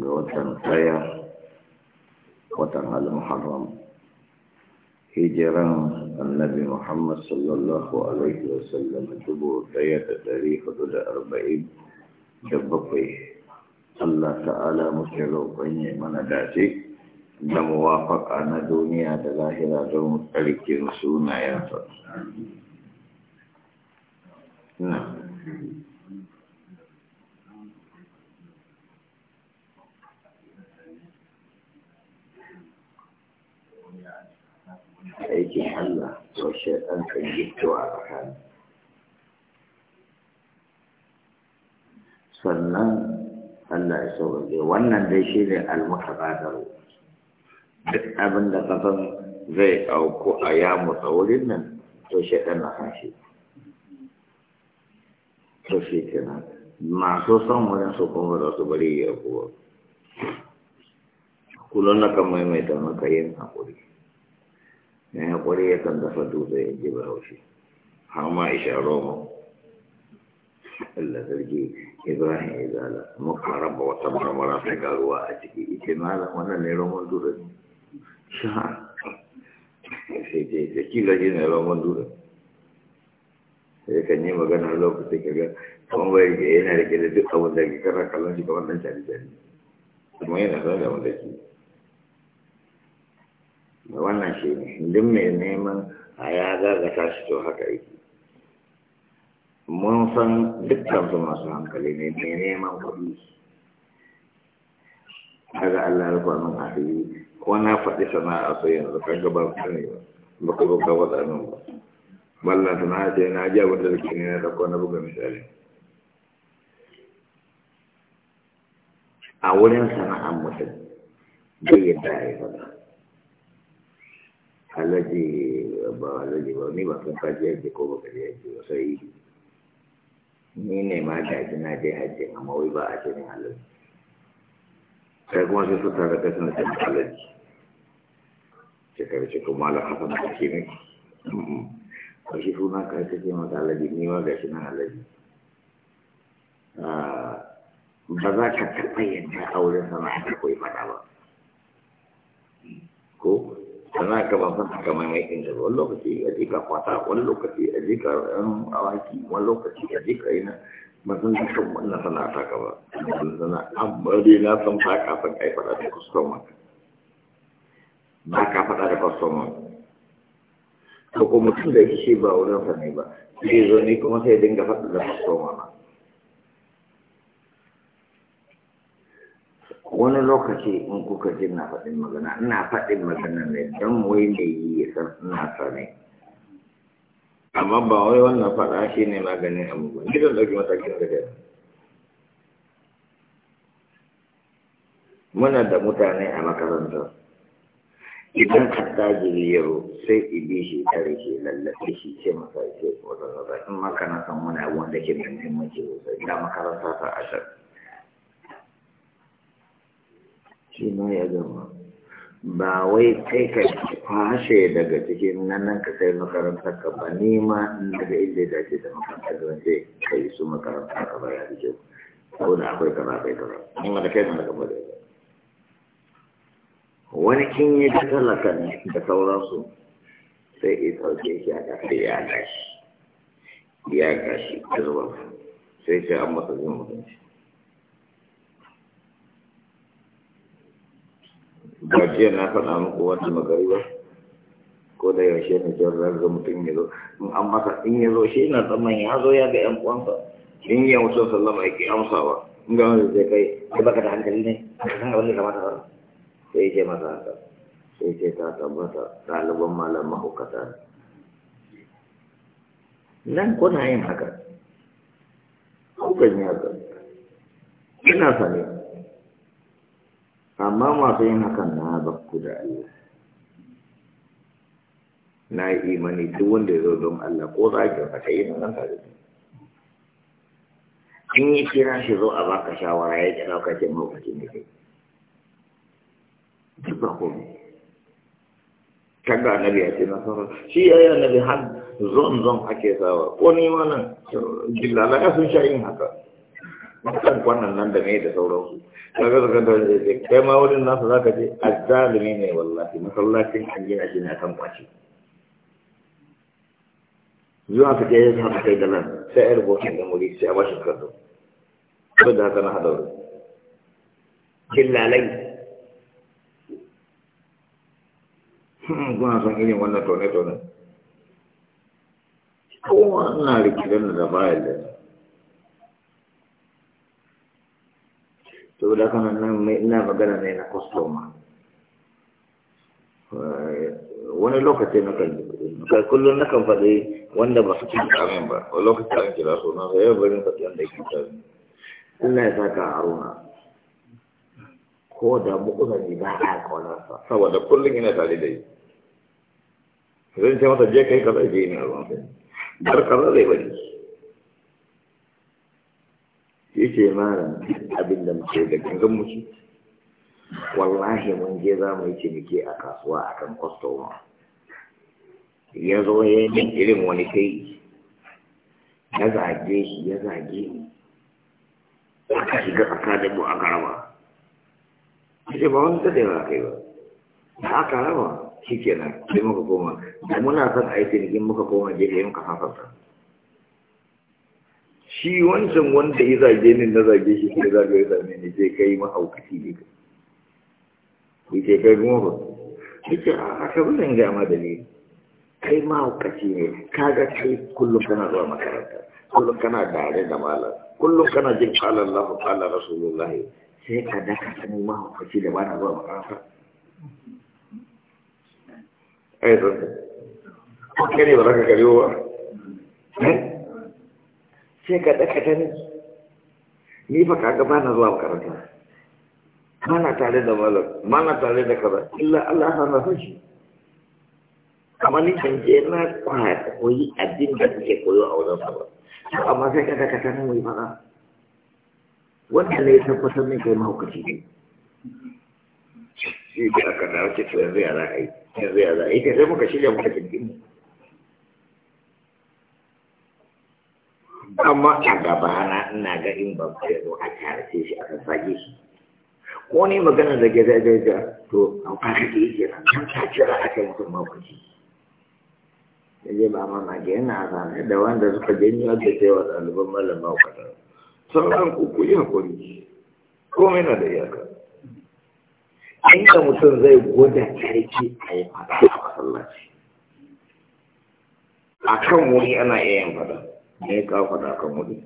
ga watan ɗaya watan al-muharram hijiran annabi muhammad sallallahu alaihi wasallam dubu ɗaya da ɗari hudu da arba'in da bakwai allah ta'ala muke roƙon ya mana dace da muwafaƙa na duniya da lahira don ƙarƙin sunayen Nah. aikin Allah to shaitan kan gitto a tsakani sannan Allah ya sauƙaƙe wannan dai shi ne almutabadaru duk abin da ka san zai auku a yamu wurin nan to shaitan na kashi to shi kenan masu son wurin su kuma za su bari ya kuwa kulon na kan maimaita maka yin haƙuri ya haƙuri ya kan dafa dutse ya ji ba haushi har ma isha roma Allah sarki Ibrahim ya zala muka raba wata marmara sai a ciki ita malam wannan ne roman dutse sha sai dai kila shi ne roman dutse sai kan yi magana lokacin kaga kuma bai ga yana rike da duk abin da ke kara kallon shi kamar dan cari cari kuma yana wanda ke wannan shi ne duk mai neman a ya gagata shi to haka yake mun san dukkan su masu hankali ne mai neman kuɗi kaga Allah ya rufa min asiri ko na faɗi sana'a so yanzu kaga ba ku ne ba ba ku ba wada nan ba wallan na ce na ji abin da suke ne na dauko na buga misali a wurin sana'an mutum bai yadda ya yi faɗa alaji ba alaji ba ni ba kan kaji yaji ko ba kaji yaji ba sai ni ne ma da ji na je hajji amma wai ba a ce ni alaji sai kuma sai su tare da sun ce alaji sai ka ce kuma ala haka na kake ne ba shi suna ka ce ce mata alaji ni ma ga shi na alaji ah, ba za ka taɓa yadda auren sana'a da kwai fada ba ko karena kebangsaan agama yang lain itu walau kecil jika kuasa walau kecil jika awaki eh, walau kecil jika ini masan itu mana sana tak apa ambil sana abadina tempat apa kayak pada di kosong maka pada di kosong Kau mutum da yake shi ba wurin sa ne ba, sai zo ni kuma sai dinga faɗi da wani lokaci in kuka ji na faɗin magana ina faɗin magana ne don wai mai yi ya san ina sani. amma ba wai wannan faɗa shi ne maganin abubuwa ni don ɗauki matakin da gari muna da mutane a makaranta idan ka tajiri yau sai ibi shi tare shi lallaɓe shi ce masa ce wadda in makaranta muna wanda ke muhimmanci sosai Ina makaranta ta ashirin shi ma ya gama ba wai kai ka fashe daga cikin nan ka kai makarantar ka ba nema daga inda da ke da makarantar da wace ka yi su makarantar ka ba ya fi kyau ko da akwai kaza kai kaza amma da kai na daga ba da wani kin yi ta talaka ne da sauransu sai ya sauke shi a kafin ya gashi ya gashi ta zuwa sai sai an masa zuwa mutunci gajiya na faɗa muku wata ba ko da yaushe ne jan rarra mutum ya zo in an masa in ya zo shi na tsamman ya zo ya ga yan uwansa in ya mutum sallama yake ba in ga wani zai kai ai baka da hankali ne a san abin da kamata ba sai ce masa haka sai ce ta tabbata ɗaliban malam mahaukata nan kuna yin haka kukan yi haka ina sani amma masu yin hakan na bakku da Allah na yi imani duk wanda ya zo don Allah ko za ki ka yi nan ka rubu in yi kira shi zo a baka shawara ya ki dauka ce mawukaci ne kai duk ba komai kaga nabi ya ce nasara shi ya yi annabi har zon zon ake sawa ko ni ma nan jillala ya sun sha yin haka mutan kwanan nan da mai da sauransu kaga da kan da ce kai ma wurin nasu zaka je azzalimi ne wallahi masallacin an gina shi na kan kwaci zuwa ka je ya haka kai da nan sai a rubuta da muri sai a bashi karatu ko da haka na hada wurin killalai kuna son irin wannan tone-tone kowa na rikidan da bayan da to da kana nan mai ina magana ne na kwastoma wani lokaci na kan kai kullum na kan faɗi wanda ba su ci kamin ba wani lokaci an kira suna sai yau barin faɗi wanda yake kamin Allah ya saka haruna ko da mu'uzani ba a kaunarsa saboda kullum yana tare da yi zan ce masa je kai kaza je ne a ruwan sai har kaza zai bari yake malam abin da muke da gangan muke wallahi mun je za mu yi ciniki a kasuwa akan kwastoma ya zo ya yi irin wani kai ya zage shi ya zage ni aka shiga da mu aka raba ce ba wani tsaye ba kai ba A aka raba shi nan sai muka koma da muna son a yi cinikin muka koma jirgin muka sasanta shi wancan wanda ya zage ni na zage shi ke zage ya zage ni zai kai mahaukaci ne ka ke kai kuma ba ce a ka bi zan gama da ni kai mahaukaci ne ka ga kai kullum kana zuwa makaranta kullum kana dare da malam kullum kana jin qala Allah qala Rasulullahi sai ka daka sani mahaukaci da bana zuwa makaranta ai zan ka ne ba za ka karewa ba eh? sai ka ɗaka ta ne ni fa kaga ba na zuwa makaranta mana tare da malam mana tare da kaza illa Allah ya na san shi amma ni ban je na koyi addini da kuke koyo a wajen ba amma sai ka ɗaka ta ne mai fara wanda ne ya tabbatar min kai mahaukaci ne shi da aka dawo ce to yanzu ya za a yi yanzu ya za a yi ta sai muka shirya muka kirkin amma a gabana ina ga in a karfe shi a sassage shi ko magana da gaza to an fara ke yi a kai mutum makwaci yanzu ba ma na ga zane da wanda suka janyo da kuku ya hakuri komai na mutum zai gwada karfi a yi fada a masallaci a ana fada ne ka faɗa kan wuri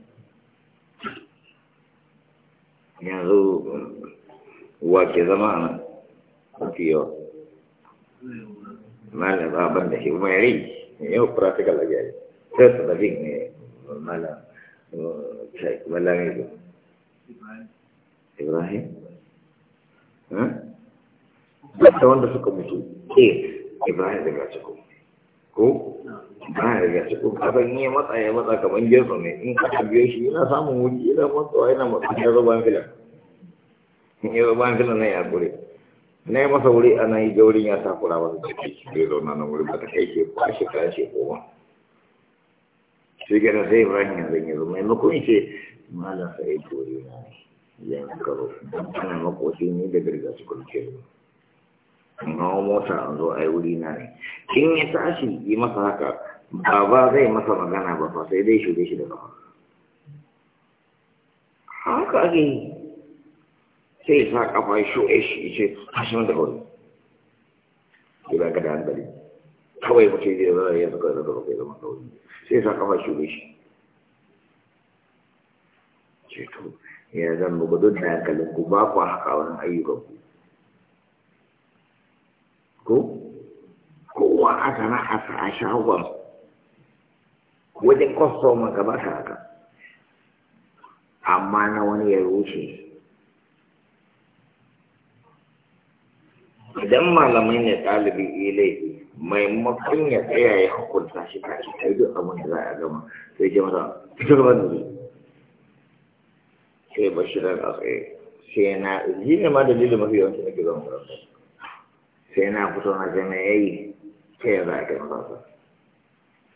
yanzu um, wa ke zama a nan mafi yawa malam ba ban da shi mai rai yau practical ake yi sai su zafi ne malam uh, malam ya ibrahim da wanda suka mutu ke ibrahim daga cikin ko ba ya ga cikin kasan yi matsa ya matsa kamar gefe ne in ka biyo shi yana samun wuri yana matsawa yana matsa ya zo ban filan in ya zo ban filan na ya gure na yi masa wuri ana yi jaurin ya sa kura wasu su ciki shi zai na wuri ba ta kai ke kwashe kwashe koma shi gina sai ibrahim ya zan yi zo maimakon ce malam sai jori na ne yanzu karo ana makoci ne da girga su kulke na mota an zo a yi wuri na ne in ya tashi yi masa haka baba zai masa magana ba fa sai dai shuge shi da kafa haka ake yi sai sa kafa shuge shi ce hashin da wani ba ka da hankali kawai mutum zai zara ya suka zara kai zama kawai sai sa kafa shuge shi ce to ya zan ba duk da hankalin ku ba ku haka wani ayyukan ku ko kowa a sana'arsa a shagon wajen kwaso ka ba ta haka amma na wani ya rushe idan malamai ne ɗalibi ilai maimakon ya tsaya ya hukunta shi ta shi ta yi duk abin da za a gama sai ce masa fitar ba ne sai ba bashirar a tsaye sai na yi ne ma dalilin mafi yawanci na gidan sai na fito na jami'ai sai ya za a kai masa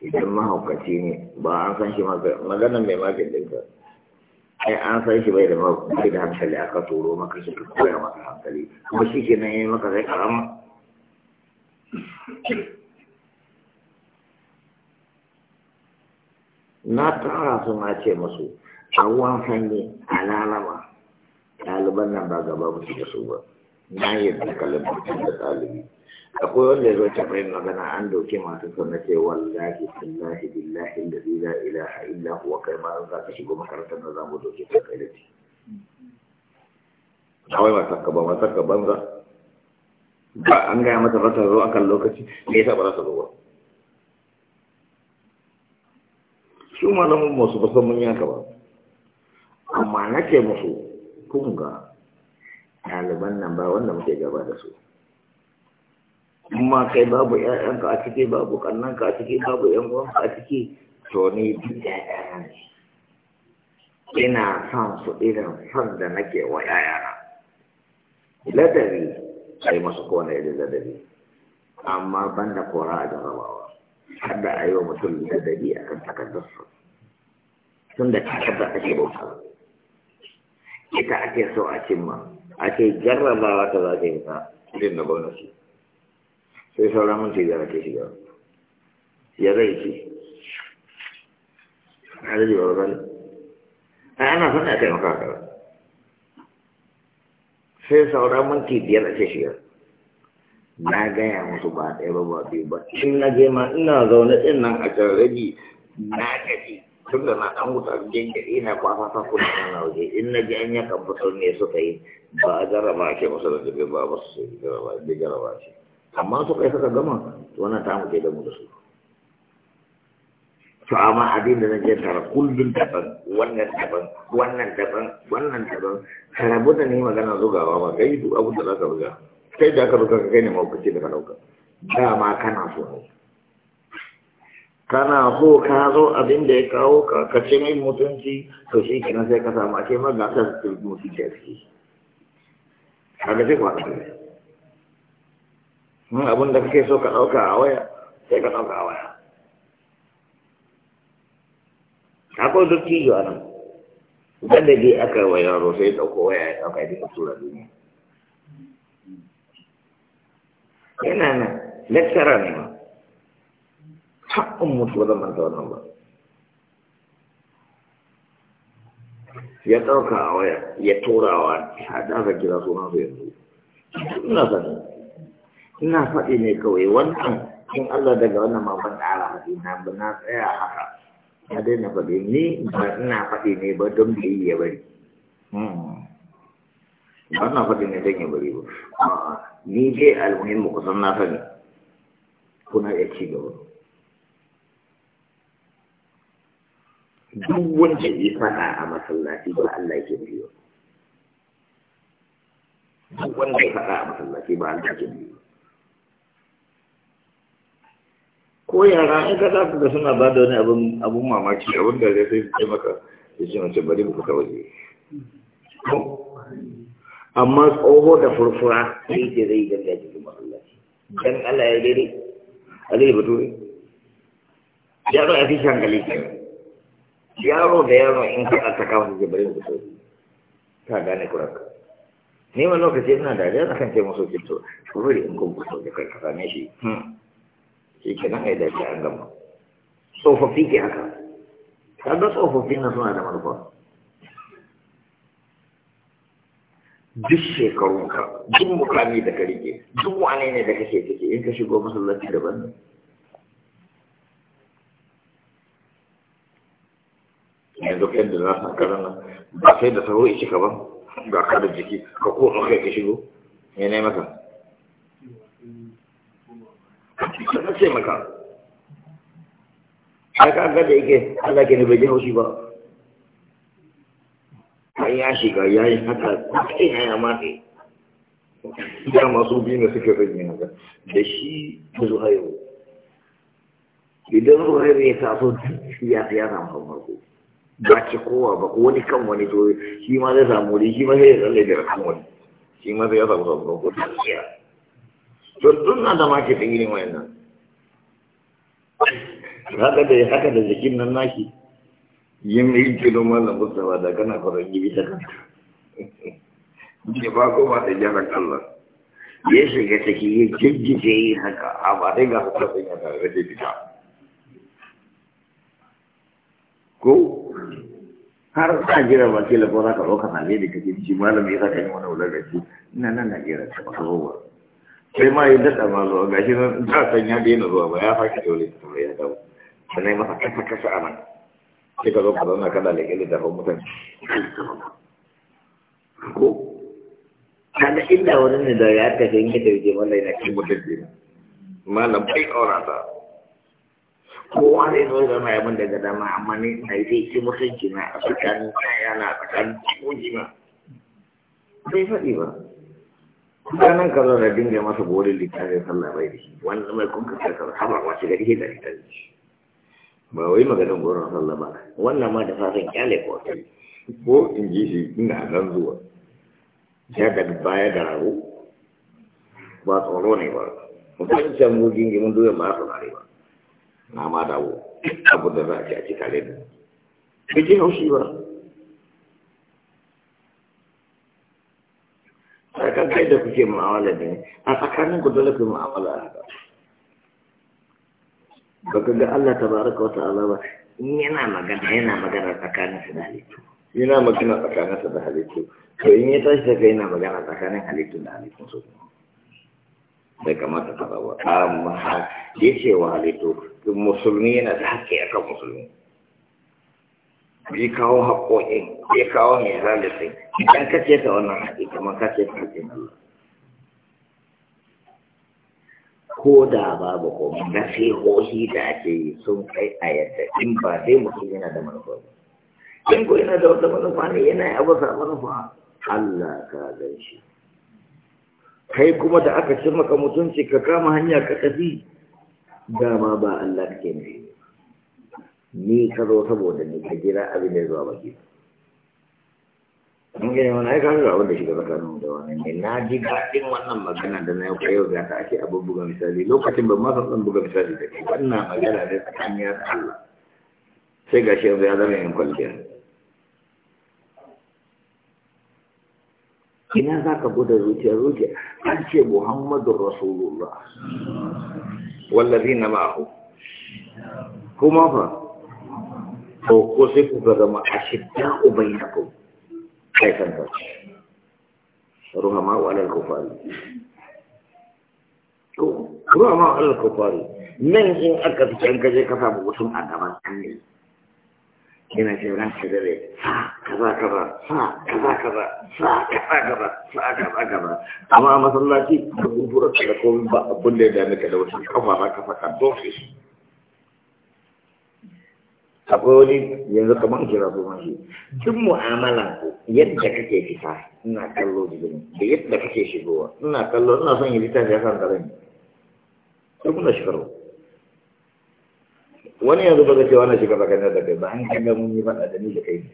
idan mahaukaci ne ba an san shi magana mai maganin ka ai an san shi bai da bai da hankali aka turo maka shi ka koya masa hankali kuma shi ke nan yi maka sai karama na tara su na ce musu a ruwan sanyi a lalama ɗaliban nan ba gaba musu da su ba na yadda kalabacin da ɗalibi akwai wanda zai taɓa yin magana an doke masu sana ce wallahi billahi billahi da zai la ilaha illa kuwa kai ma za ka shigo makarantar da zamu doke ta kai da ci kawai masu ba masu saka banza ba an gaya mata ba ta zo akan lokaci ne yasa ba za ta zo ba su malamin masu ba san mun yanka ba amma nake musu kun ga ɗaliban nan ba wanda muke gaba da su amma kai babu ƴaƴanka a ciki babu ƙannanka a ciki babu ƴan a ciki to ni duk ƴaƴana ne ina son su irin son da nake wa ƴaƴana ladabi a yi masu kowane irin ladabi amma ban da kora a jarabawa har da a yi wa mutum ladabi a kan takardarsa tun da takardar ake bauta ita ake so a cimma ake jarrabawa ta za ta yi ta irin da gwamnati sai sauran minti da ake shiga ya zai ce a da jiwa wani a ana son a taimaka ka sai sauran minti biyar ake shiga na gaya musu ba ɗaya ba ba biyu ba in na je ma ina zaune ɗin nan a can rabi na gaji tunda na dan wuta ina na fa fa kun na waje in na ji an ya kamfatar ne su kai ba a jarraba ke masu da dubi ba ba su yi jarraba da jarraba shi amma su kai suka gama to wannan ta muke da mu da su to amma abin da nake tara kullum daban wannan daban wannan daban wannan daban karabu da ne magana zugawa ma duk abu da zaka buga kai da aka buga ka kai ne maukaci da ka dauka dama kana so ne kana so ka zo abin da ya kawo ka kace mai mutunci to shi kenan sai ka samu ake ma gasar mutunci da suke kaga sai kwa mun abin da kake so ka ɗauka a waya sai ka ɗauka a waya akwai dattijo a nan idan da dai aka wa yaro sai dauko waya ya dauka ya tura duniya yana nan lecturer ne ma haƙƙin mutu ba zan manta ba ya ɗauka a waya ya turawa ya daga kira sunan su yanzu ina sani ina faɗi ne kawai wannan Kin Allah daga wannan ma ban a haɗi na ba na tsaya haka na daina faɗi ni ba ina faɗi ne ba don da yi ya bari hmm. ba na faɗi ne don ya bari ba ni dai almuhimmu kusan na sani kuna ya ci gaba duk wanda ya faɗa a masallaci ba Allah yake biyo duk wanda ya faɗa a masallaci ba Allah yake biyo ko yara in ka za ku ga suna ba da wani abin mamaki abin da zai sai ce maka ya ce mace bari mu fita waje amma tsoho da furfura sai ce zai ganga cikin masallaci dan Allah ya daidai alai bature ya ba a fi shangali kenan yaro da yaro in ka ta kawo su bari da so ka gane kuranka ni wani lokaci ina dariya na kan ce musu kinto kuma in kun kusa da kai ka same shi hmm. shi ke nan da shi an gama tsofaffi ke haka kaga tsofaffi na suna da manufa duk shekarunka duk mukami da ka rike duk wane ne da kake ciki in ka shigo masallaci daban ne duk yadda za su haka na ba sai da sauri ishi kaban ga kada jiki ka ko aka ka shigo ya ne maka na ce maka ai ka ga da yake Allah ke ne bai ji shi ba an ya shiga ya yi haka kai na ya matse ya masu biyu ne suke rage haka da shi zuwa hayo idan zuwa ya taso ya ya samu farko ba ci kowa ba wani kan wani to shi ma zai samu wuri shi ma zai tsalle da kan wani shi ma zai samu sabon ko ta to dun na da maki ta gini wayannan haka da haka da jikin nan naki yin yin kilo mallam mustafa da kana fara gibi ta kanka ke ba ko ba da jaran Allah ya shiga take yi jirgice yi haka a ba dai ga hukumar da ya tare da ko har sa jira ba ke lafa za ka ka sale da kake ci malam ya saka yi wani wula da shi ina nan na jira ta ba ba sai ma yi daɗa ma zuwa ga shi nan ta san ya daina zuwa ba ya faki dole ta tambaye ya dawo sannan masa kasa kasa a nan sai ka zo ka zauna kana da ƙili da ba mutane ko Kana inda wani ne da ya tafi yin da yake yana na kin mutunci malam bai ta kowa zai zo ga mai abin daga dama amma ne na yi zai ce mutunci na a tsakanin kaya na tsakanin cikoji ma bai faɗi ba ranar ka zo da dinga masa gori littafin sallah bai da shi wanda mai kun kasa ka haɓa wasu gari shi da ita ba wai maganin goron sallah ba wannan ma da fasin kyale ko ko in ji shi ina nan zuwa ya daga baya da rago ba tsoro ne ba mutum shan mugin gimin doyon ba su ba nama ma dawo abin da za a a ci tare da bai ji haushi ba sarkar kai da kuke mu'amala ne a tsakanin ku dole ku mu'amala haka ba ka ga Allah tabaraka wa ta'ala alama. yana magana yana magana tsakanin su da halittu yana magana tsakanin su da halittu to in ya tashi daga yana magana tsakanin halittu da halittu su bai kamata ta ba amma ya ce wa halittu musulmi yana da haƙƙi a kan musulmi bi kawo haƙoƙin ya kawo mai halittu idan ka ce ta wannan haƙƙi kamar ka ce Allah ko da babu komai na hohi da ake yi sun kai a yadda in ba sai mutum yana da manufa ba in ko yana da wata manufa ne yana yi abu sa manufa Allah ka gan shi kai kuma da aka ci maka mutunci ka kama hanya ka tafi dama ba Allah kake ne ni ka zo saboda ni ka jira abin da zuwa baki an gane wani aika zuwa wanda shiga tsakanin da wani ne na ji daɗin wannan magana da na yau yau za ta ake abin buga misali lokacin ban ma san buga misali da ke wannan magana ne tsakanin ya Allah sai ga shi yanzu ya zama yin kwalliya ina za ka guda zuciya zuciya an ce Muhammadu rasulullah wallazi na ma'ahu kuma ba ko ko sai ku ga zama a shidda ubai na ku kai kan ta ce. Ruha alal alkufari to ruhama wa alal kufari nan in aka fi can kaje kasa bukutun a gaban annabi yana ce ran ka dare kaza kaza sa kaza kaza sa kaza kaza sa kaza kaza amma masallaci da gudura da komai ba abin da ya dame ka da wasu kafa za ka saka dole akwai wani yanzu kamar kira ko mashi duk mu'amala yadda kake fita ina kallo jikin da yadda kake shigowa ina kallo ina son yi littafi ya san da rai sai kuna shigarwa wani yanzu ba ka ce wani shigar da kai ba an kaga mun yi faɗa da ni da kai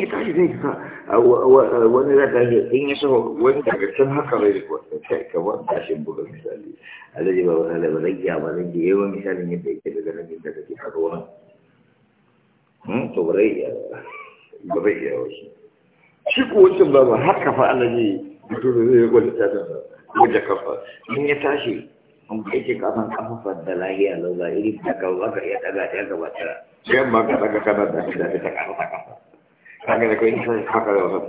in tashi zai sa wani za ta shi in ya shafa wani daga can haka bai rikuwa sai kamar tashin buga misali alaji ba wani alaji ba zai iya ba zai iya yawan misalin yadda yake daga nan yadda ka ke haɗu wani to ba zai iya ba zai iya wasu shi ko wancan ba ba haka fa alaji mutum da zai rikuwa littafin ba wajen kafa in ya tashi an ba yake kafan kafafar da lahiya lau ba iri ta kawo za ka iya ɗaga ta gaba ta yamma ka ɗaga kana da shi da ta kafa kafa kaga da kai sai haka da wasu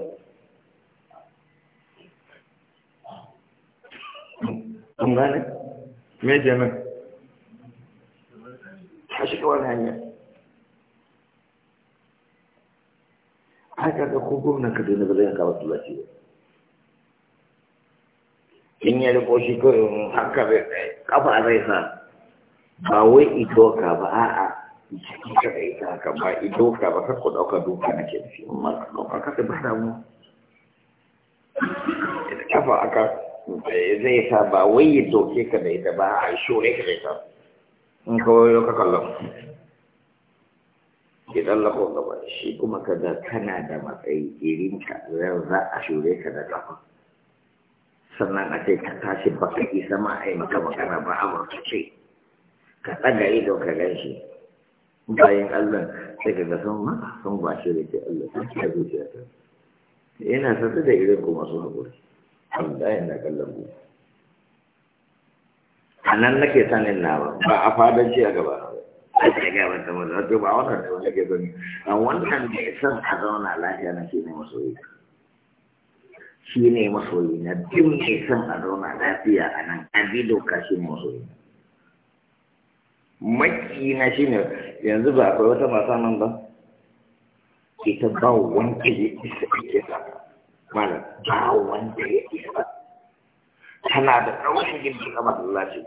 kun gane me ke nan a shiga wani hanya haka da ko gwamnan kaduna ba zai haka wasu lafiya in ya kafa zai sa ba wai a. jiki ka da ita haka ba ido ka ba kakko ɗauka duka na ke nufi amma ka ɗauka ka ba damu kafa aka eh, zai sa ba wai ya doke ka da ita ba a shore ka da ita in kawai ka kallon idan lafon gaba shi kuma kaga kana da matsayi irinka zan za a shure ka da kafa sannan a ce ka tashi baka isa ma a yi maka magana ba a ce ka ɗaga ido ka gan shi bayan Allah sai ka ga sun maka sun bashi da ke Allah sun ke zuciya ta yana sata da irin kuma su haƙuri Allah na kallon mu a nan nake sanin na ba a fadanci a gaba a ce ga ta maza to ba wannan ne wanda ke gani a wannan da ya san a zauna lafiya na shi ne masoyi shi ne masoyi na duk ne san a zauna lafiya a nan a bi doka shi ne masoyi na maki na shi ne yanzu ba akwai wata mata nan ba ita ba wanda ya isa ake sa mana ba wanda ya isa tana da ɗaurin gindin a lashe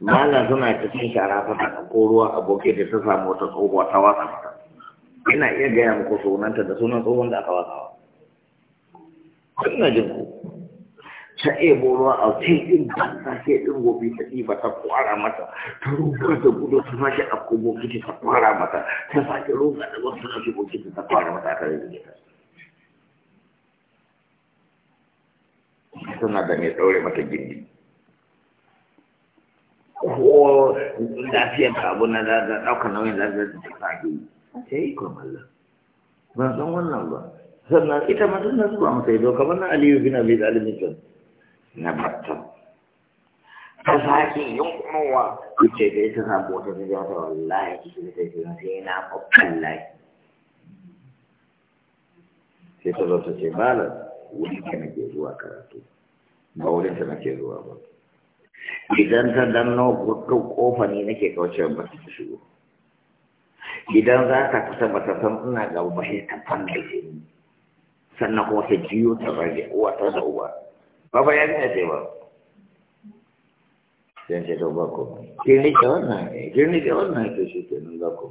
mana suna cikin shara ta ta ko ruwa abokai da ta samu wata tsohuwa ta wasa ina iya gaya muku sunanta da sunan tsohon da aka wasa wa ina jin ku ta ebo ruwa a kai ɗin banza sai ɗin gobe ta ɗiba ta kwara mata ta ruga da gudu ta sake afko bokiti ta kwara mata ta sake ruga da wasu sake bokiti ta kwara mata ta rage ta suna da mai ɗaure mata gindi ko lafiyar ka abu na da ɗauka nauyin da zai ta sake yi sai yi kuma ban san wannan ba sannan ita ma tana zuwa masa ido kamar na Aliyu bin Abi Talib na batun. ta sake yunkurowa wuce da ita samu wata ta zata wallahi shi ta ce sai na babban lahi sai ta zata ce malam wuri ka nake zuwa karatu ba wurin ta nake zuwa ba idan ta danno gudu kofa ne nake kauce ba ta shigo idan za ka kusa ba ta san ina ga ba sai ta fanda sannan kuma ta jiyo ta rage uwa ta da uwa ba ba yarinya ce ba sai ce to ba ko kirni ke wannan ne kirni ke wannan ke shi ke nan za ku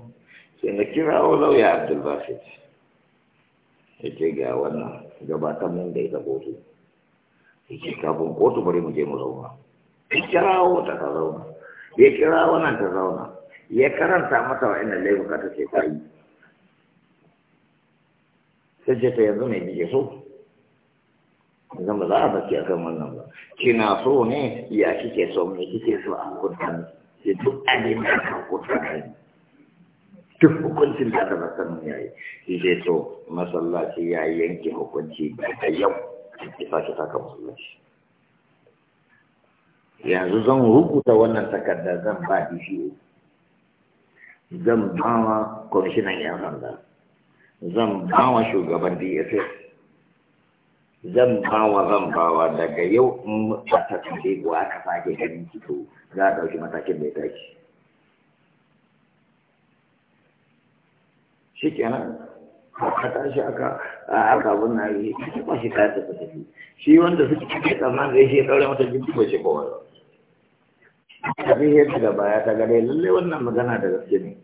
sai na kira wa lauya abdul ya ce ga wannan gabatan min da ita kotu ya ce kafin kotu bari mu je mu zauna ya kira wa ta zauna ya kira wannan ta zauna ya karanta mata wa ina laifuka ta ce ta yi sai ce ta yanzu mai bige so zan ba za a baki a kan wannan ba kina so ne ya kike so me kike so a kunta ne duk abin da ka da ne duk hukuncin da aka san ya yi shi zai so masallaci ya yanke hukunci daga yau ya sake saka masallaci yanzu zan rubuta wannan takarda zan ba DCO zan ba wa kwamishinan yan sanda zan ba wa shugaban DSS zan bawa zan bawa daga yau in ta tafi ko aka sake ganin fito za a ɗauki matakin da ya tashi shi kenan aka tashi aka aka abin na yi shi ba shi kayan ta tafi shi wanda suke cikin tsammanin zai shi ɗaure mata jiki ba shi kowa ba ta fi yadda da baya ta gare lallai wannan magana da gaske ne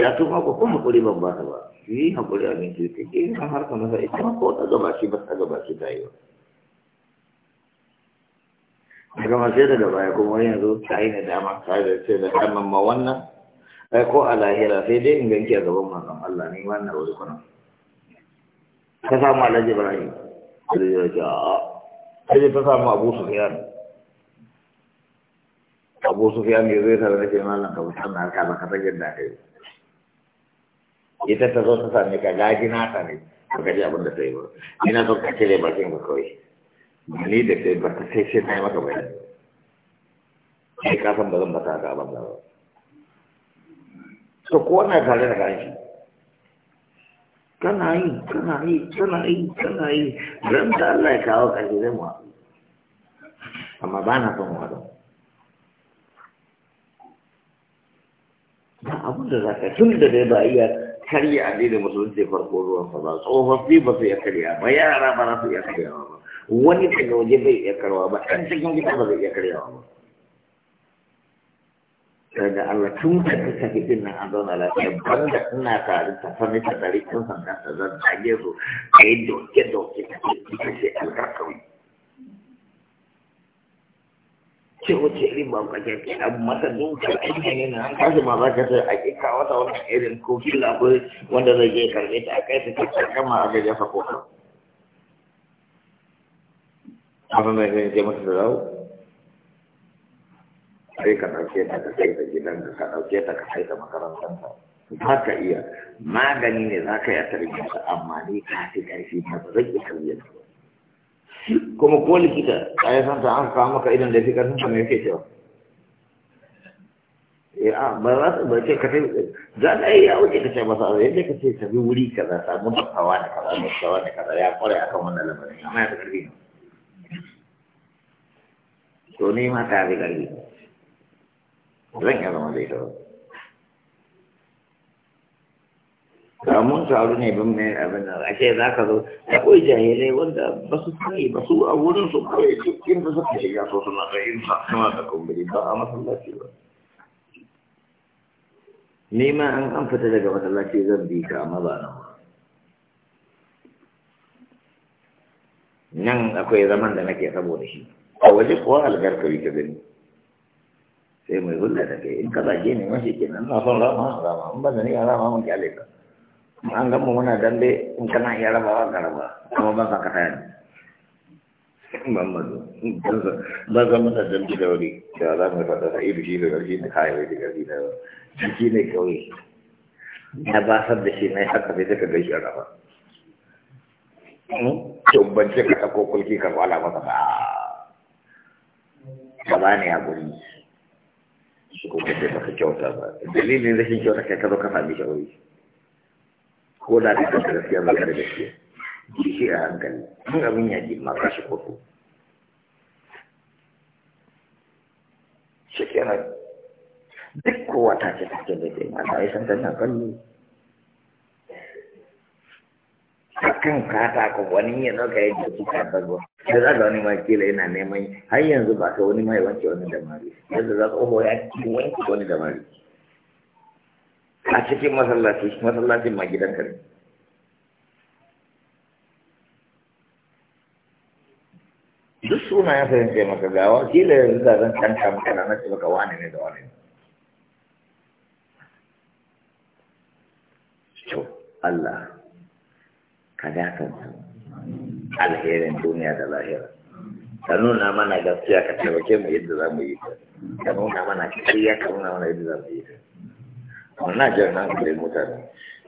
ya tuma ko kuma kuri ban ba ta ba yi haƙuri abin ta ke yi har ka masa ita ko ta gaba shi ba ta gaba shi ta yi ba daga sai daga baya kuma wani yanzu ta yi na dama ta da ce da ta mamma wannan ai ko a lahira sai dai in ganki a gaban manzon Allah ne ma na wuri kuna ta samu alhaji ibrahim da ya ce a'a sai ta samu abu sufiyan abu sufiyan ya zai tare da ke malam ka musamman ka ba ka san yadda aka yi ita ta zo ta same ka gaji na ta ne ka ji abin da ta yi ba ina zo ka cire bakin ka kawai ni da kai ba ta sai sai na yi maka bayani sai ka san ba zan bata ka abin da ba to ko wannan tare da gashi kana yi kana yi kana yi kana yi ran da Allah ya kawo ƙarshe zai mu amma ba na son wadon ba abin da za ka tun da dai ba iya karya addinin musulunci farko ruwan sa ba tsofaffi ba su iya karya ba yara ba za su iya karyawa ba wani daga waje bai iya karwa ba ɗan cikin gida ba zai iya karyawa ba daga Allah tun da ta tafi din nan an zauna lafiya banda ina tare ta fami ta tare kan sanda ta zan tage su kai doke doke ta ce alkarkawi ce wace irin ba ka ke a mata duka aiki ne na an kashi ma za ka sai a kika wata wannan irin ko kila ko wanda zai je karbe ta a kai ta ta karkama a gaja fa kofa abin da zai je mata da zau sai ka ɗauke ta ka kai ta gidan ka ka ɗauke ta ka kai ta makarantar ta za ka iya magani ne za ka yi a tarbiyyar amma ni ka fi ƙarfi ba zai iya tarbiyyar ba kuma ko likita a santa an kawo maka idan da fi karfin kamar yake cewa ya eh, ba za su ba ce ka ce za ta yi ya wuce ka ce masa aure yadda ta bi wuri kaza samu tafawa da kaza ya kware akan wannan lamarin amma ya fi karfi to ne ma ta fi karfi zan iya zama zai ba. ba mun taru ne ban mai abin da ake za ka zo akwai jahilai wanda ba su sani ba su a wurin su kawai duk inda suka shiga so suna da yin sa suna da kumburi ba a masallaci ba ni ma an an fita daga masallaci zan bi ka amma ba nan nan akwai zaman da nake saboda shi a waje kuwa algarkawi ka gani sai mai hulɗa da kai in ka zage ne mashi kenan na son rama rama in ba da ni a rama mun kyale ka an ga mu muna dambe in kana iya rabawa ka raba amma ba ka mamadu ba za mu dambe da wuri da za mu faɗa sa ibi shi da ƙarfi da kayan wai da ƙarfi da jiki ne kawai na ba sar da shi na yi haka sai daga gaishe raba tubbance ka ko kulki ka kwala masa ba ka ne a guri su kuma ce ba ka kyauta ba dalilin rashin kyauta kai ka zo ka sami shi a ko da ka kasa gaskiya ba ka da shi ji a hankali in abin ya ji maka shi kotu. shi kenan duk kowa ta ce take da ke mata ya san tana kallo akan katakon wani ya nauka ya ji suka tago da za da wani ma kila yana neman har yanzu ba ka wani mai wanke wani damari yadda za ka oho ya ci wanke wani damari a cikin masallaci masallacin ma kare duk suna ya fahimce maka gawa kila yanzu da zan canka maka na nace maka wani ne da wani ne to Allah ka su alherin duniya da lahira ka nuna mana gaskiya ka taimake mu yadda za mu yi ta ka nuna mana kariya ka nuna mana yadda za mu yi ta wannan jan hankalin mutane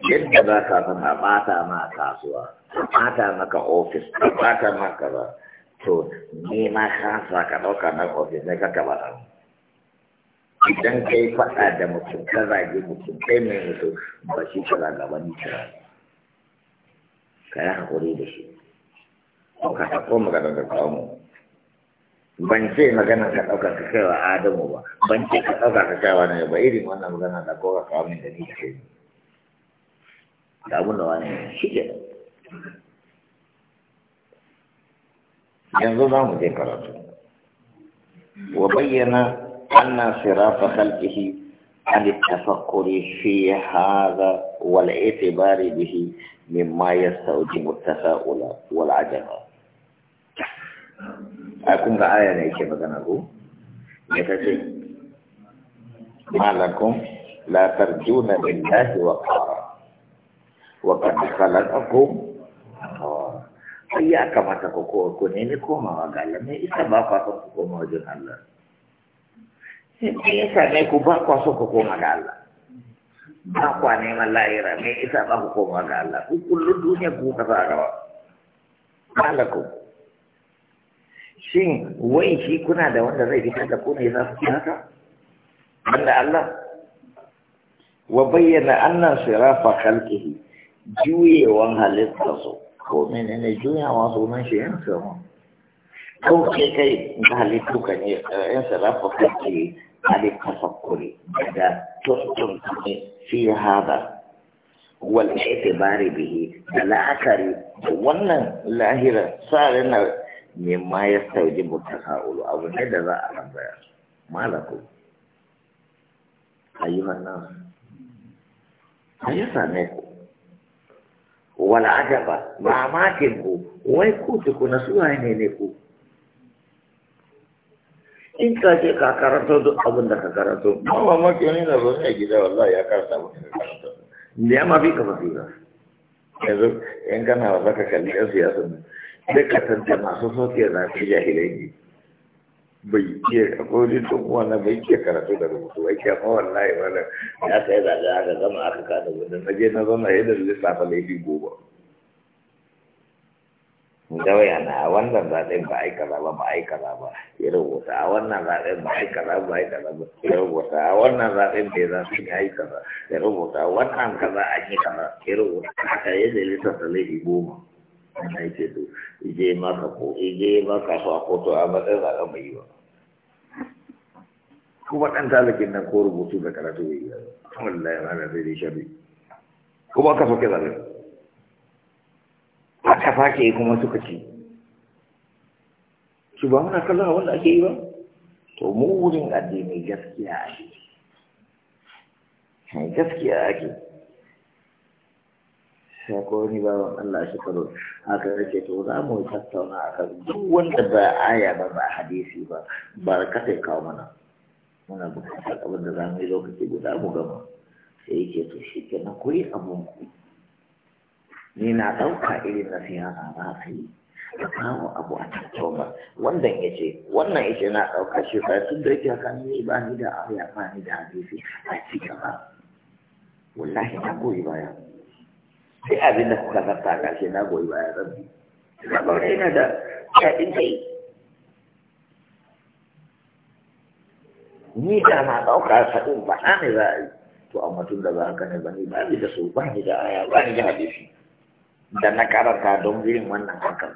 yadda za ka ba bata ma kasuwa bata maka ofis bata ma kaza to ne ma ka sa ka na ofis ne ka taba nan idan ka yi faɗa da mutum ka zage mutum kai mai mutum ba shi kira gaba ni kira ka yi haƙuri da shi ka taɓo magana da kawo ban ce magana ka ɗauka ka kai wa Adamu ba ban ce ka ɗauka ka kai wa ba irin wannan magana da ko ka kawo min da ni ke da abun da wani shi ke yanzu za mu je karatu wa bayyana anna sirafa khalqihi عن التفكر في هذا والاعتبار به مما يستوجب التساؤل والعجب a kun ga aya ne yake magana ko ya ta malakum la tarjuna wa qara wa qad khalaqakum ya kamata ku ko ne ne isa ba koma Allah sai ya sa ne ku ba so ba isa ba ku kullu duniya ku ka sa malakum shin wai shi kuna da wanda zai fitar da ku za su haka banda Allah wa bayyana annan sirafa kalkihi juyewan su, ko menene juyawa sunan shi yan sama ko kai kai da halittu ka ne yan sirafa kalkihi halitta fakuri daga tuntun kame fi hada wal bari bihi da la'akari wannan lahira sa na mimma ya sauji buta sa'ulu abu ne da za a tambaya malaku ayyuhan nan ayyuka ne ku wala ajaba mamakin ku wai ku tuku na suwaye ne ne ku in ka je ka karanto duk abin da ka karanto ba mamaki wani na zaune a gida wallahi ya karanta mutum ka karanto da ya mafi ka basira yanzu in kana wasa ka kalli yan siyasa ne sai kasance masu soke zafi jahilai ne bai ke akwai duk wani bai ke karatu da rubutu bai ke ma wallahi wani ya kai zaɓe aka zama aka kada gudun na je na zama ya da lissafa laifi goma gawaya na wannan zaɓen ba a yi kaza ba ba a yi kaza ba ya rubuta a wannan zaɓen ba a yi kaza ba ya kaza ba ya rubuta a wannan zaɓen bai za su yi kaza ya rubuta a wannan kaza an yi kaza ya rubuta haka yadda ya lissafa laifi goma ije maka ko ije maka su a koto a matsayin zaɓen bai yi ba kuma ɗan talakin nan ko rubutu da karatu bai yi ba wallahi ma na sai dai shabi kuma aka soke zaɓen ka sake kuma suka ci shi ba muna kallon wanda ake yi ba to mu wurin addini gaskiya ake gaskiya ake sai ko ni bawan Allah shi karo haka yake to za mu tattauna kan duk wanda ba aya ba ba hadisi ba ta kawo mana muna bukatar abin da za mu yi lokaci guda mu gama sai yake to shi ke na koyi abun ku ni na ɗauka irin na siya a rafi ka kawo abu a tattauna wannan ya ce wannan ya ce na ɗauka shi ka tun da yake haka ni ba ni da aya ba ni da hadisi a cikin ba wallahi na koyi baya Sai abin da kuka zarta a ƙarshe na goyi baya rabbi na ɓaure yana da shaɗin yi. ni da na ɗauka faɗin ba na ne za a yi to amma tun da ba haka ne ba ni ba ni da su ba ni da aya ba ni da hadisi da na karanta don irin wannan hakan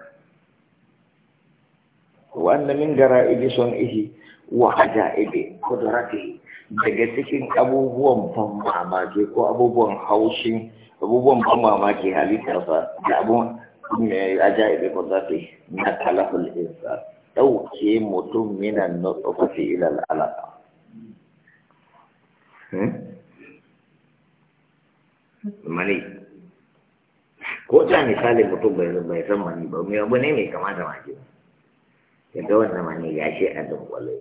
wanda min gara ibi son ihi wa haja ibi kudratihi daga cikin abubuwan ban mamaki ko abubuwan haushin abubuwan ban mamaki halittarsa da abun mai ajaibi ba za ta na kalafin insa ɗauke mutum na tsofaffi ilal alaƙa hmm? mani ko ta misali mutum bai san mani ba mai abu ne mai kamata maki yadda wannan mani ya shi a dunkwale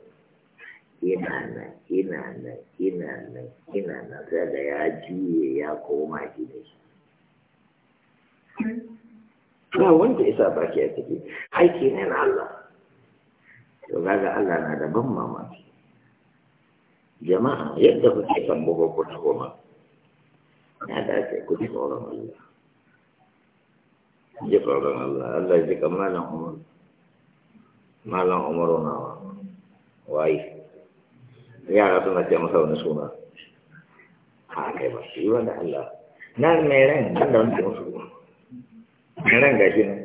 ina nan ina nan ina nan ina nan sai da ya juye ya koma gida-gida. shi ba wanda isa baki ya ciki aiki ne na Allah to kaga Allah na da ban mamaki jama'a yadda ke san buga ku ta Na da dace ku ji tsoron Allah ji tsoron Allah Allah ji kamalan umar malan umar nawa wai y'a yara suna ce masa wani suna a kai ba su yi wani Allah na mai ran nan da wani musu ran gashi ne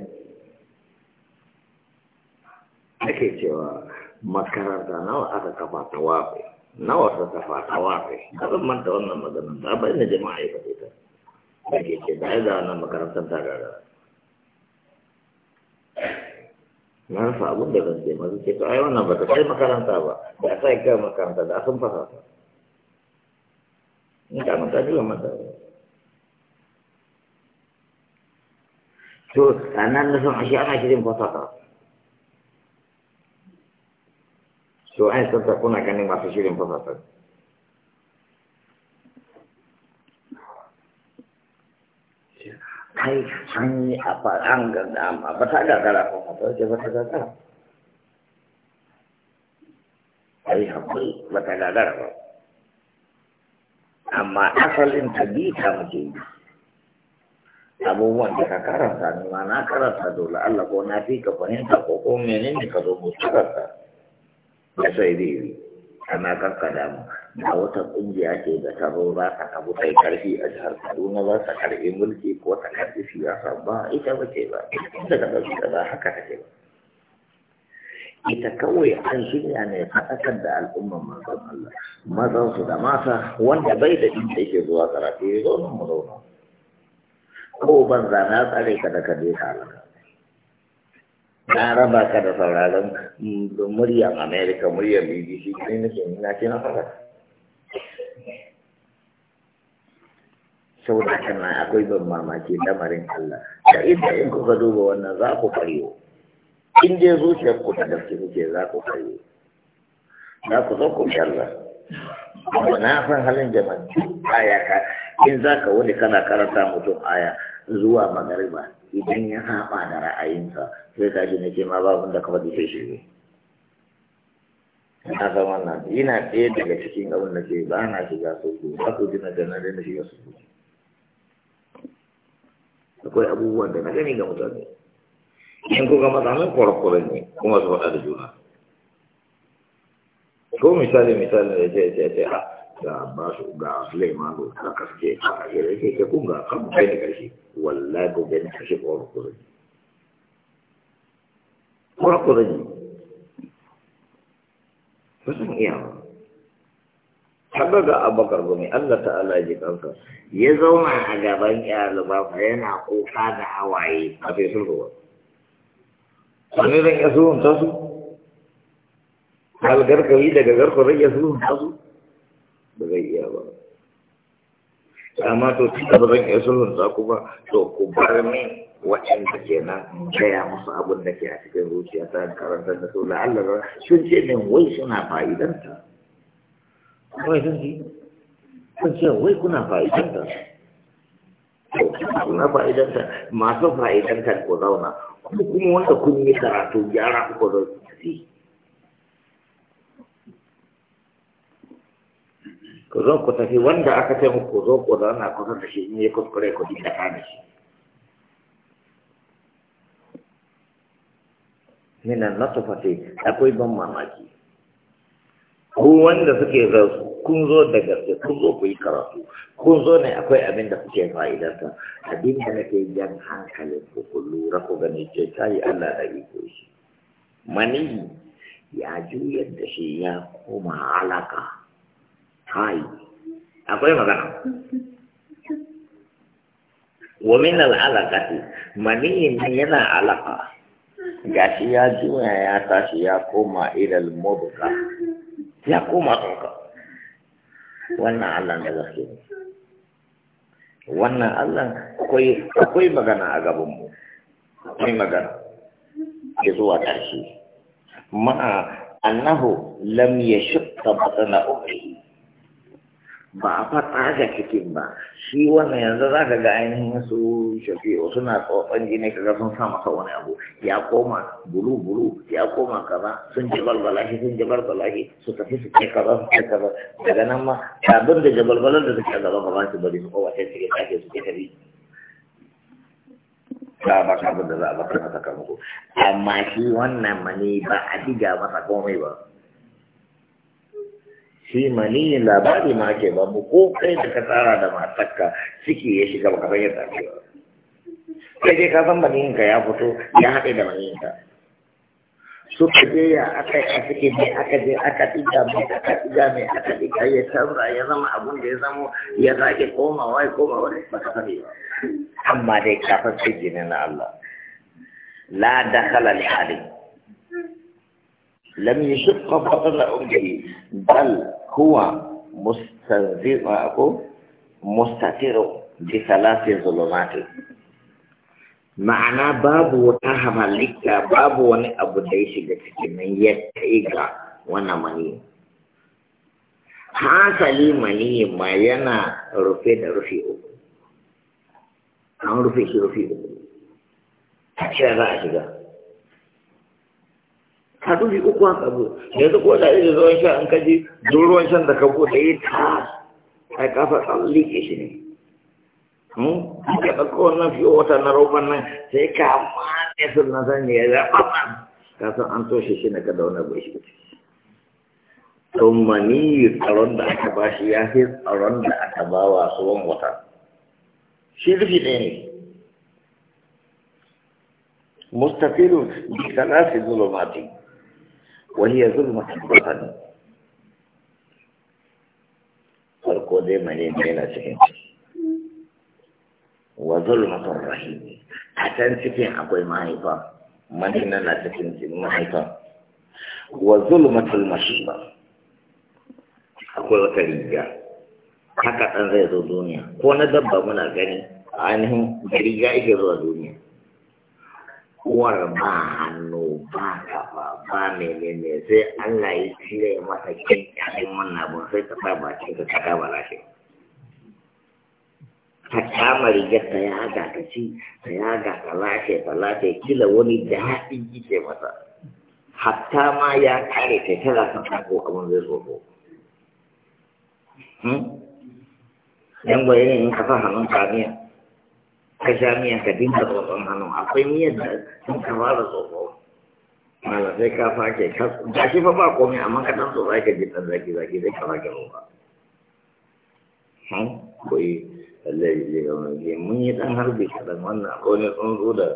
ake cewa makaranta nawa aka kafa ta wafe nawa ta kafa ta wafe ba zan manta wannan maganar ba bai na jama'a ya faɗi ta ake ce da ya da wannan makarantar ta gagara na rasa abin da zan ce masu ce to ai wannan ba ta kai makaranta ba da ta yi kai makaranta da sun fasa ta in ka mata dila mata to a na san ashe ana shirin fasaha to ai san ta kuna ganin masu shirin fasaha kai an yi a faɗan gaggawa ba ta gagara ko ɗauke ba ta gagara a yi haƙuri ba ta gagara ba amma asalin ta bi ta muke yi abubuwan da ka karanta ne ma na karanta dole Allah ko na fi ka fahimta ko ko menene ka zo mu karanta da sai dai ana kakkada mu da wata kungiya ce da ta zo za ta kabu ta karfi a jihar kaduna za ta karbi mulki ko ta karfi siyasa ba ita ba ce ba inda ka ɗauki ta ba haka take ba ita kawai an shirya ne faɗakar da al'umman mazan Allah mazan su da mata wanda bai da inda yake zuwa karatu ya zo nan mu zauna ko ban na tsare ka da ka je ka alaka na raba ka da sauraron mm, muryan Amerika muryan BBC kai nake nuna ce na fara!" saboda kan nan akwai ban mamaki lamarin Allah da inda in kuka duba wannan za ku fariyo in dai zuciyar ku da gaske kuke za ku fariyo za ku zo ku Allah amma na san halin jama'a aya ka in za ka wani kana karanta mutum aya zuwa magariba idan ya saba da ra'ayinsa sai ka ji nake ma babu da kawai faɗi shi ne na san wannan Ina ɗaya daga cikin abin da ke ba na shiga su ba ku da na janar shiga su akwai abubuwan da na gani ga mutane in kuka matsanin kwarakwarai ne kuma su faɗa da juna ko misali misali da ce ce ce ga ba su ga Suleiman kake, ta kaske a gare ke ke kun ga kan kai ne kashi wallahi ko gani kashi kwarakwarai kwarakwarai ba san iya ba haka ga abakar gumi Allah ta'ala ji kansa ya zauna a gaban ba fa yana kuka da hawaye a fesun ruwa Wani zan iya suhun ta su algarkawi daga garkon rage suhun ta su ba zai iya ba amma to ci gaba zan iya suhun ta ku ba to ku bar min waɗanda ke nan gaya musu abin da ke a cikin zuciya ta karanta da su la'allar sun ce min wai suna fa'idanta. kawai kuna kuma wanda karatu zo tafi wanda aka ce muku zo ku zauna kusa da shi in ya kuskure ku ji da kana shi akwai ban mamaki ku wanda suke rasu kun zo da gaske kun zo ku yi karatu kun zo ne akwai abin da kuke fa'idarta abin da nake yan hankalin ku ku lura ku gani ce kai Allah da iko shi mani ya juyar da shi ya koma alaka kai akwai magana wa min al-alaqati mani yana alaka gashi ya juya ya tashi ya koma ilal mubqa ya koma tsoka wannan allah da gaske ne wannan allah akwai magana a gabanmu akwai magana ya zuwa ƙarshe ma'a annahu lam ya shukka batsana umri ba a faɗa ga cikin ba shi wannan yanzu za ka ga ainihin su shafi suna tsotson jini ka ga sun sa masa wani abu ya koma bulu bulu ya koma kaza sun ji balbalashi, sun ji balbalashi su tafi su ce kaza su ce kaza daga nan ma abin da balbalar da suke gaba gaba su bari su kowace su ke tafi su ke tafi ba ba ka abin da za a baka masa kamuku amma shi wannan mani ba a diga masa komai ba shi mani labari ma ake ba mu ko kai da ka tsara da matakka ciki ya shiga baka san yadda ake ba kai dai ka san maniyinka ya fito ya haɗe da maniyinka ka je ya aka yi a ciki mai aka je aka ɗiga mai aka ɗiga mai aka ɗiga ya canza ya zama abun da ya zamo ya sake komawa ya komawa ba ka sani ba amma dai kafin ciki ne na Allah la da li halin lam yashqa na umrihi bal huwa mustanziba ko mustatiru bi salati zulumati ma'ana babu wata halitta babu wani abu da ya shiga cikin nan ya kai ga wannan mani hasali mani ma yana rufe da rufe uku an rufe shi rufe uku a cikin za a shiga Ka haɗuri uku an tsabo yanzu ko da irin ruwan sha an kaji don ruwan shan da ka buɗe yi ta a kafa tsawon liƙe shi ne an hmm? ka ɗauko wannan fiye wata na roban nan sai ka mane sun na sani ya zaɓa man ka san an toshe shi na ka da wani bai shi don mani tsaron da aka ba shi ya fi tsaron da aka ba wa tsohon wata shi rufi ɗaya ne mustafilun bi salasi zulumati Wani yazulma cikin hannu, farko dai maje zai na cikin ciki, wa zulma farrashi ne. A can cikin akwai mahaifa, mahina na cikin cikin mahaifar. Wa zulma talma shi ba, akwai wata riga. Haka an zai zo duniya, ko na dabba muna gani, an ni riga ya ke zuwa duniya, uwar hannu. ba kafa ba menene sai Allah ya cire masa kyakkyanin wannan abun sai ta sa bakin ta kada ba lashe ta kama rigar ta ya haga ka ci ta ya haga ka lashe ta lashe kila wani daɗi kike masa hatta ma ya kare ta tana ta kako abin zai tsoro hmm? yan gwaye ne in ka sa hannun kamiya ka sha miya ka dinga tsoron hannu akwai miyar da sun ka fara tsoro mala sai ka sake ga shi fa ba komai amma ka dan so zaka ji dan zaki zaki sai ka sake roba han koyi lallai je ga mai mun yi dan harbi kadan wannan ko ne tsuntsu da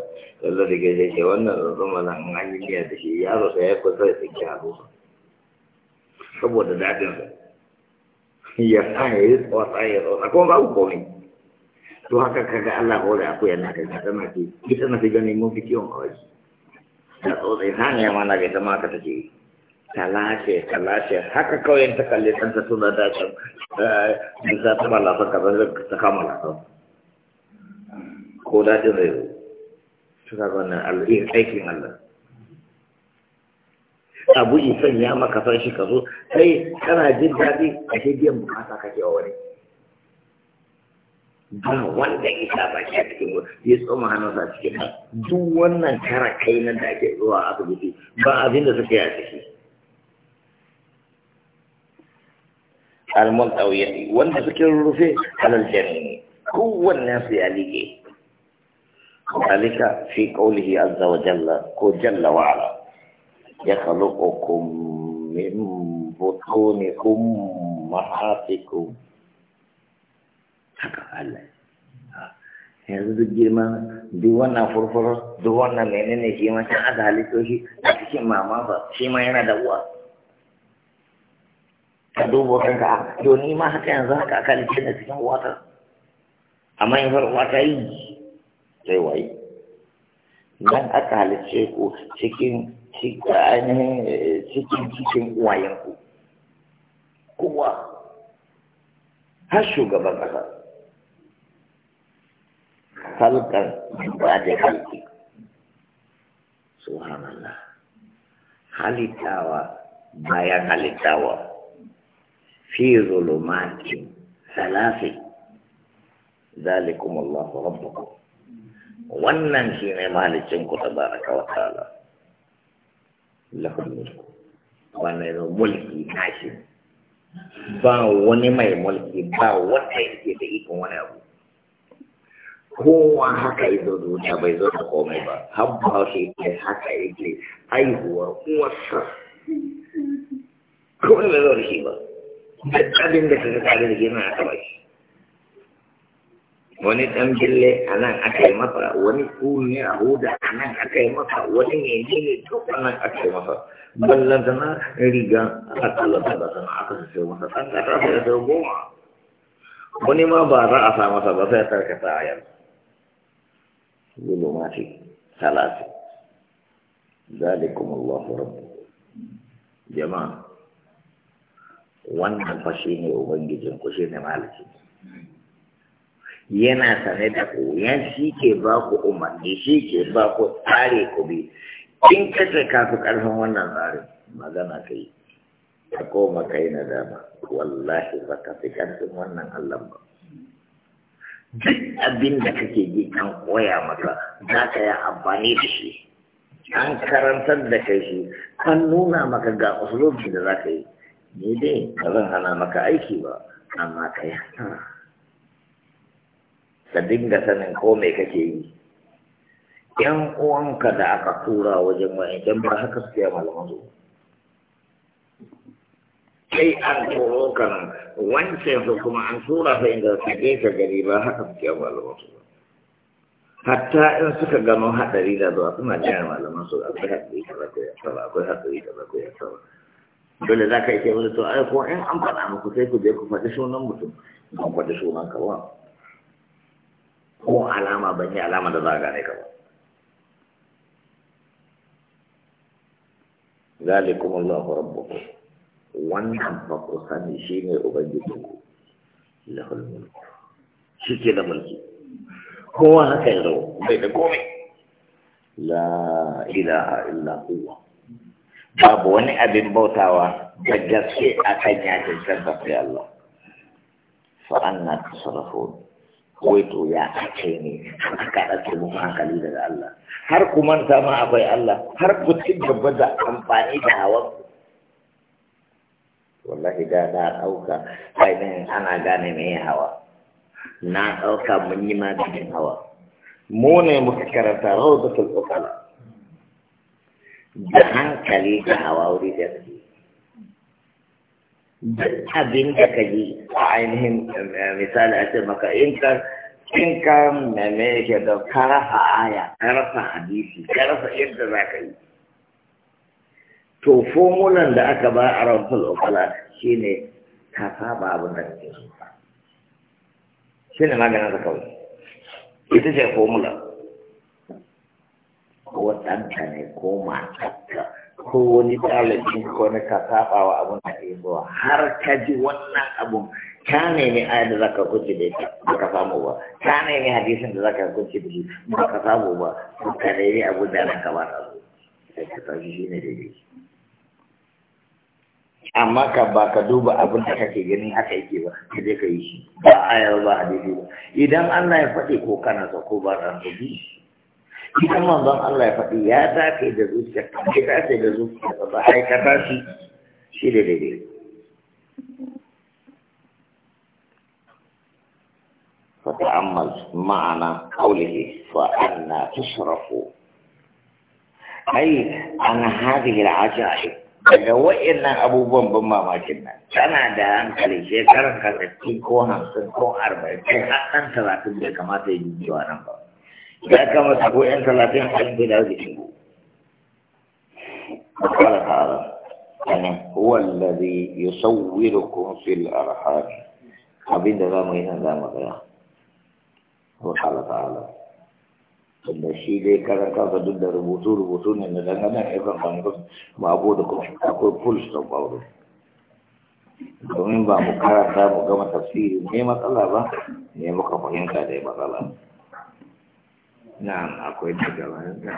lallai da gaje ce wannan tsuntsu mana an an yi biya da shi yaro sai ya kusa ya tsike a ruwa saboda dadin sa ya sa ya yi tsawata ya tsawata kuma ba ku komai to haka kaga Allah hore akwai yana kaga tana ce ita na fi ganin mun fi kiwon kawai da mana ga take yi ta ta haka kawai ta kalli san ta eh, da ta ta Allah abu isan ya maka san shi ka zo sai kana jin daɗi a shi biyan bukata kake wa wani ba wanda isa ba shi a cikin wani ya tsoma hannunsa a cikin nan duk wannan kara kai nan da ake zuwa a asibiti ba abin da suke a ciki almon ɗauye wanda suke rufe halal alal jami'i kowanne su ya liƙe ذلك في قوله عز وجل كو جل وعلا يخلقكم من بطونكم محاتكم haka Allah yanzu duk girma duk wannan furfuro duk wannan menene shi ma can aka halitto shi a cikin mama ba shi ma yana da uwa ka dubo kanka a to ni ma haka yanzu haka aka halitta da cikin uwata amma in farko ta yi sai waye dan aka halitta ku cikin cikin cikin ku, kowa har shugaban ƙasa. halkar ba da halki subhanallah halittawa bayan halittawa fi zulumatin salasi zalikum Allah rabbukum wannan shi ne mahalicin ku tabaraka wa ta'ala lahul mulku wannan mulki nashi ba wani mai mulki ba wanda yake da ikon wani abu kowa haka izo duniya bai zo da komai ba habba shi ke haka yake aihuwar uwarsa komai bai zo da shi ba duk abin da kaga tare da gina aka bashi wani dan bille a nan aka yi masa wani kuni a huda a nan aka yi masa wani ne ne duk a nan aka yi masa ballan sana riga a kallon da sana aka sai masa tsangata ƙasa sai da goma wani ma ba za a sa masa ba sai tarkata a yanzu ظلمات ثلاث ذلكم Zalikumullahu Rabbi. jama'a wannan fa shi ne ubangijinku shi ne maliki yana sane da ku ya shi ke ba ku umarni shi ke ba ku tsare ku bi Kin ka ce ka wannan tsarin magana ka yi ka koma kai na dama wallahi ba ka fi wannan allah ba duk abin da kake ji an koya maka za ka yi amfani da shi an karantar da kai shi an nuna maka ga usulobin da za ka yi ne dai ba zan hana maka aiki ba amma ka yi ka dinga sanin ko me kake yi yan uwanka da aka tura wajen wa'ancan ba haka suke malaman kai an tsoro kana wancan su kuma an tura sai inda su je ka gari ba haka suke malaman ba hatta in suka gano haɗari da zuwa suna jiran malaman su akwai hadari kaza ko ya a akwai haɗari kaza ko ya saba dole za ka yi wani to ai ko in an faɗa muku sai ku je ku faɗi sunan mutum an faɗi sunan ka ba ko alama ban yi alama da za a gane ka ba ذلكم الله ربكم wannan ba ku shi ne ubangijinku lahul mulku shi ke da mulki kowa haka ya zo bai da komai la ilaha illa huwa babu wani abin bautawa da gaske a kan yakin canza sai Allah fa'anna tasarrafu wato ya ake ne aka ɗauke muku hankali daga Allah har ku ta ma akwai Allah har ku ci gaba da amfani da hawan wallahi da na ɗauka ainihin ana gane me hawa na ɗauka mun yi maganin hawa mu ne muka karanta rawdatul ukala da hankali da hawa wuri da su duk abin da ka yi. a ainihin eh, misali a ce maka in ka in ka meme yake da ka aya ka hadisi yadda za ka yi to fomulan da aka ba a ramfal ofala shi ne ka saba abin da kake so shi ne maganin ta kawai ita ce fomula ko ɗanta ne ko matarka ko wani ɗalibin ko wani ka saba wa abin da ke zuwa har ka ji wannan abun ka a aya da zaka kuce da ita ba ka samu ba ka nemi hadisin da za zaka kuce da ita ba ka samu ba ka nemi abin da ka ba ta sai ka tashi shi ne daidai amma ka ba ka duba abin da kake ganin haka yake ba ka je ka yi shi ba aya ba hadisi ba idan Allah ya faɗi ko kana sa, ko ba ran ka bi idan manzon Allah ya faɗi ya dace da zuciya ka dace da zuciya ka ba ai ka tashi shi da daidai فتأمل معنى قوله فأنا تصرفوا أي عن هذه العجائب daga wa'annan abubuwan ban mamakin nan tana da hankali shekarar kasashe ko hamsin ko arba'in ko har ɗan talatin bai kamata ya yi wa nan ba ya kamata ko yan talatin an bai da zikin ku kwallon ta'ala yana wallazi ya sauwiro kun fil arhar abinda za mu yi nan za mu tsaya kwallon ta'ala tunda shi dai karan kansa duk da rubutu-rubutu ne na dangane a yakan bangus ba abu da kuma akwai full stop a wurin domin ba mu karanta mu gama tafsiri ne matsala ba ne muka fahimta ya matsala na akwai daga bayan